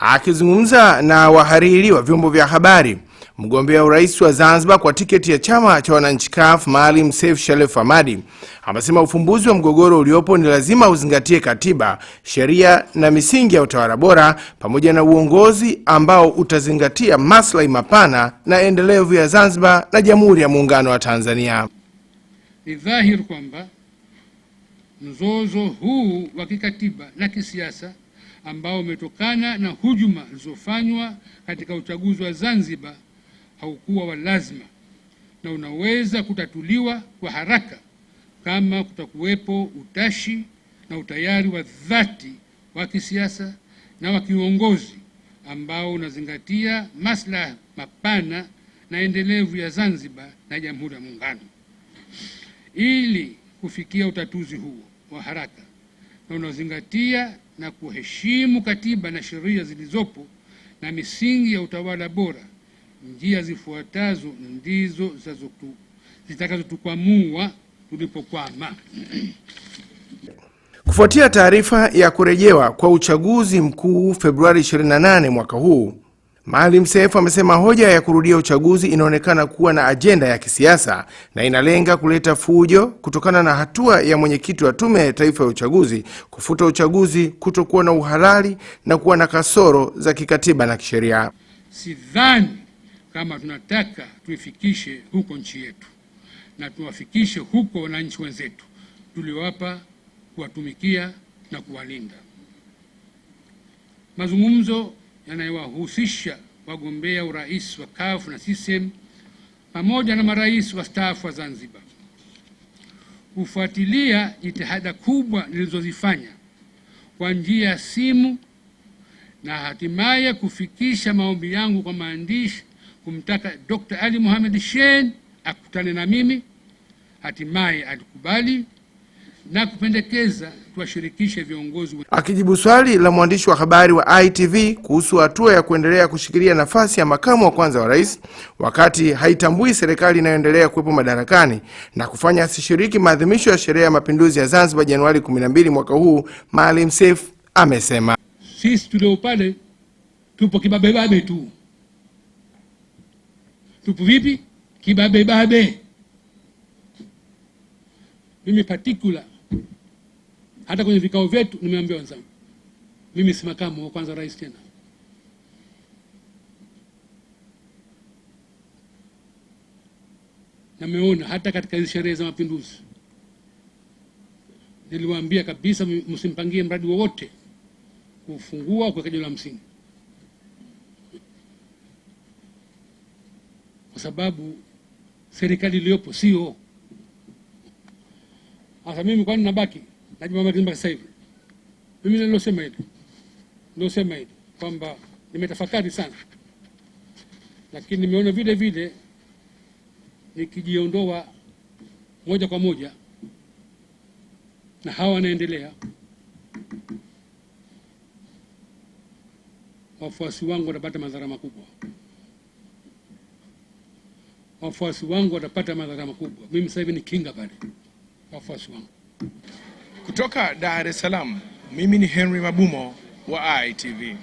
Akizungumza na wahariri wa vyombo vya habari, mgombea urais wa Zanzibar kwa tiketi ya chama cha wananchi CUF Maalim Seif Sharif Hamad amesema ufumbuzi wa mgogoro uliopo ni lazima uzingatie katiba, sheria na misingi ya utawala bora pamoja na uongozi ambao utazingatia maslahi mapana na endelevu ya Zanzibar na Jamhuri ya Muungano wa Tanzania. Ni dhahiri kwamba mzozo huu wa kikatiba na kisiasa ambao umetokana na hujuma zilizofanywa katika uchaguzi wa Zanzibar haukuwa wa lazima na unaweza kutatuliwa kwa haraka kama kutakuwepo utashi na utayari wa dhati wa kisiasa na wa kiuongozi ambao unazingatia maslaha mapana na endelevu ya Zanzibar na Jamhuri ya Muungano. Ili kufikia utatuzi huo wa haraka na unaozingatia na kuheshimu katiba na sheria zilizopo na misingi ya utawala bora. Njia zifuatazo ndizo zitakazotukwamua tulipokwama. Kufuatia taarifa ya kurejewa kwa uchaguzi mkuu Februari 28 mwaka huu Maalim Seif amesema hoja ya kurudia uchaguzi inaonekana kuwa na ajenda ya kisiasa na inalenga kuleta fujo kutokana na hatua ya mwenyekiti wa Tume ya Taifa ya Uchaguzi kufuta uchaguzi kutokuwa na uhalali na kuwa na kasoro za kikatiba na kisheria. Sidhani kama tunataka tuifikishe huko nchi yetu na tuwafikishe huko wananchi wenzetu tuliowapa kuwatumikia na kuwalinda. Mazungumzo yanayowahusisha wagombea urais wa CUF na CCM pamoja na marais wastaafu wa Zanzibar. Hufuatilia jitihada kubwa nilizozifanya kwa njia ya simu na hatimaye kufikisha maombi yangu kwa maandishi kumtaka Dr. Ali Mohamed Shein akutane na mimi. Hatimaye alikubali na kupendekeza tuwashirikishe viongozi. Akijibu swali la mwandishi wa habari wa ITV kuhusu hatua ya kuendelea kushikilia nafasi ya makamu wa kwanza wa rais wakati haitambui serikali inayoendelea kuwepo madarakani na kufanya asishiriki maadhimisho ya sherehe ya mapinduzi ya Zanzibar Januari 12 mwaka huu, Maalim Seif amesema sisi tulio pale tupo kibabebabe tu, tupo vipi kibabebabe, mimi particular hata kwenye vikao vyetu nimeambia wenzangu, mimi si makamu wa kwanza rais tena. Nameona hata katika hizi sherehe za mapinduzi niliwaambia kabisa, msimpangie mradi wowote kufungua kuweka jiwe la msingi, kwa sababu serikali iliyopo sio hasa. Mimi kwani nabaki mama mpaka sasa hivi mimi nilosema Ndio nilosema hivi kwamba nimetafakari sana, lakini nimeona vile vile nikijiondoa moja kwa moja na hawa wanaendelea, wafuasi wangu watapata madhara makubwa, wafuasi wangu watapata madhara makubwa. Mimi sasa hivi ni kinga pale wafuasi wangu kutoka Dar es Salaam, mimi ni Henry Mabumo wa ITV.